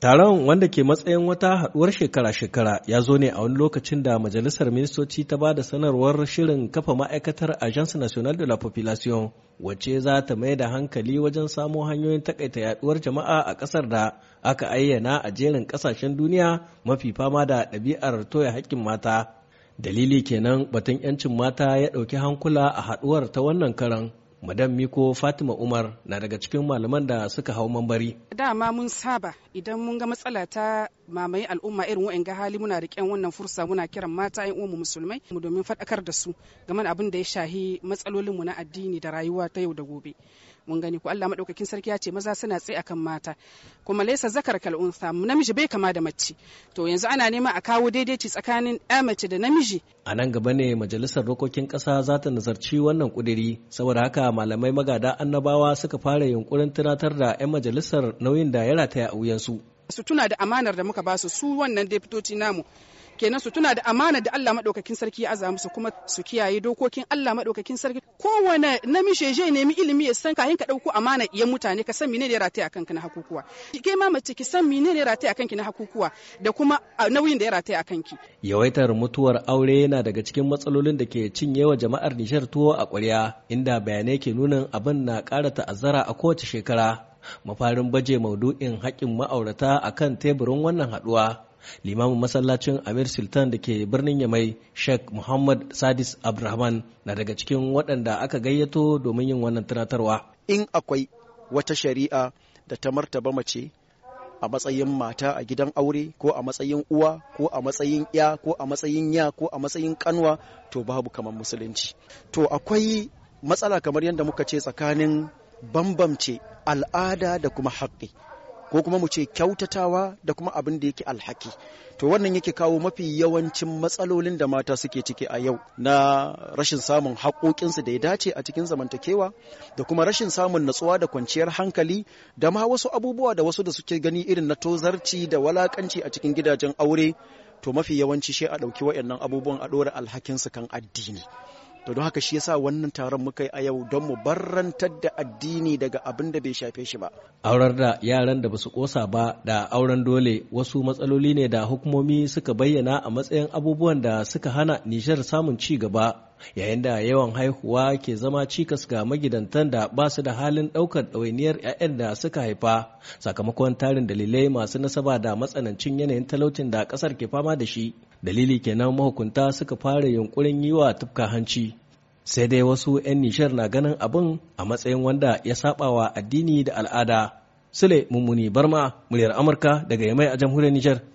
Taron wanda ke matsayin wata haɗuwar shekara-shekara ya zo ne a wani lokacin da Majalisar Ministoci ta ba da sanarwar shirin kafa ma'aikatar Agence Nationale de la Population wacce za ta mai da hankali wajen samo hanyoyin takaita yaduwar jama'a a ƙasar da aka ayyana a jerin ƙasashen duniya mafi fama da ɗabi'ar toya haƙƙin mata. Dalili kenan batun 'yancin mata ya ɗauki hankula a haɗuwar ta wannan karan. Madam Miko Fatima Umar na daga cikin malaman da suka hau mambari. Dama mun saba idan mun ga matsala ta Mamayin al'umma irin wa'in ga hali muna riƙen wannan fursa muna kiran mata yan uwanmu musulmai mu domin faɗakar da su game da abin da ya shahi matsalolin mu na addini da rayuwa ta yau da gobe mun gani ko Allah madaukakin sarki ya ce maza suna tsaye akan mata kuma laisa zakar kal unsa namiji bai kama da mace to yanzu ana nema a kawo daidaici tsakanin ya mace da namiji a nan gaba ne majalisar rokokin ƙasa za ta nazarci wannan kuduri saboda haka malamai magada annabawa suka fara yunkurin tunatar da 'yan majalisar nauyin da ya rataya a wuyansu su tuna da amanar da muka basu su wannan deputoci namu kenan su tuna da amanar da Allah madaukakin sarki ya aza musu kuma su kiyaye dokokin Allah madaukakin sarki kowane namishe je nemi ilimi ya san kayan ka dauko amana iya mutane ka san menene rataya kanka na hakukuwa kai ma mace ki san menene rataya kanki na hakukuwa da kuma nauyin da ya rataya kanki yawaitar mutuwar aure yana daga cikin matsalolin da ke cinyewa jama'ar nishar tuwo a ƙwarya inda bayanai ke nunin abin na ƙara ta'azzara a kowace shekara mafarin baje maudu'in haƙƙin ma'aurata a kan teburin wannan haɗuwa limamin masallacin amir sultan da ke birnin yamai sheikh muhammad sadis abdulrahman na daga cikin waɗanda aka gayyato domin yin wannan tunatarwa in akwai wata shari'a da ta martaba mace a matsayin mata a gidan aure ko a matsayin uwa ko a matsayin ya ko a matsayin ya ko a matsayin kanwa to babu kamar musulunci to akwai matsala kamar yadda muka ce tsakanin bambamce al'ada da kuma haƙƙi ko kuma mu ce kyautatawa da kuma abin da yake alhaki to wannan yake kawo mafi yawancin matsalolin da mata suke ciki a yau na rashin samun haƙoƙinsu da ya dace a cikin zamantakewa da kuma rashin samun natsuwa da kwanciyar hankali da ma wasu abubuwa da wasu da suke gani irin na tozarci da walakanci a cikin gidajen aure to mafi yawanci shi a ɗauki waɗannan abubuwan a ɗora alhakinsu kan addini to don haka shi yasa wannan taron muka yi a yau don mu barrantar da addini daga abin da bai shafe shi ba aurar da yaran da basu kosa ba da auren dole wasu matsaloli ne da hukumomi suka bayyana a matsayin abubuwan da suka hana Nijar samun ci gaba yayin da yawan haihuwa ke zama cikas ga magidantan da ba su da halin ɗaukar ɗawainiyar 'ya'yan da suka haifa sakamakon tarin dalilai masu nasaba da matsanancin yanayin talaucin da ƙasar ke fama da shi dalili kenan mahukunta suka fara yunkurin yi wa tufka hanci sai dai wasu 'yan nishar na ganin abin a matsayin wanda ya wa addini da al'ada sule mummuni barma muryar amurka daga yamai a jamhuriyar nijar